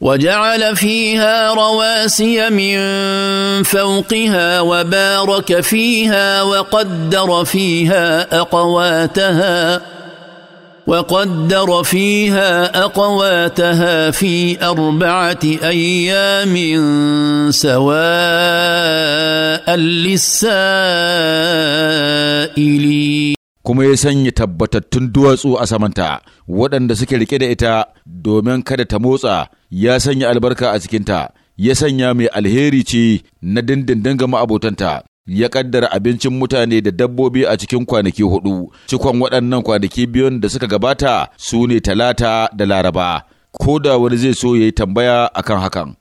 وجعل فيها رواسي من فوقها وبارك فيها وقدر فيها اقواتها وقدر فيها اقواتها في اربعه ايام سواء للسائلين kuma ya sanya tabbatattun duwatsu a samanta waɗanda suke rike da ita domin kada ta motsa ya sanya albarka a cikinta ya sanya mai alheri ce na dindindin ga ma'abotanta ya kaddara abincin mutane da dabbobi a cikin kwanaki hudu cikon waɗannan kwanaki biyun da suka gabata su ne talata da laraba ko da wani zai so ya yi tambaya akan hakan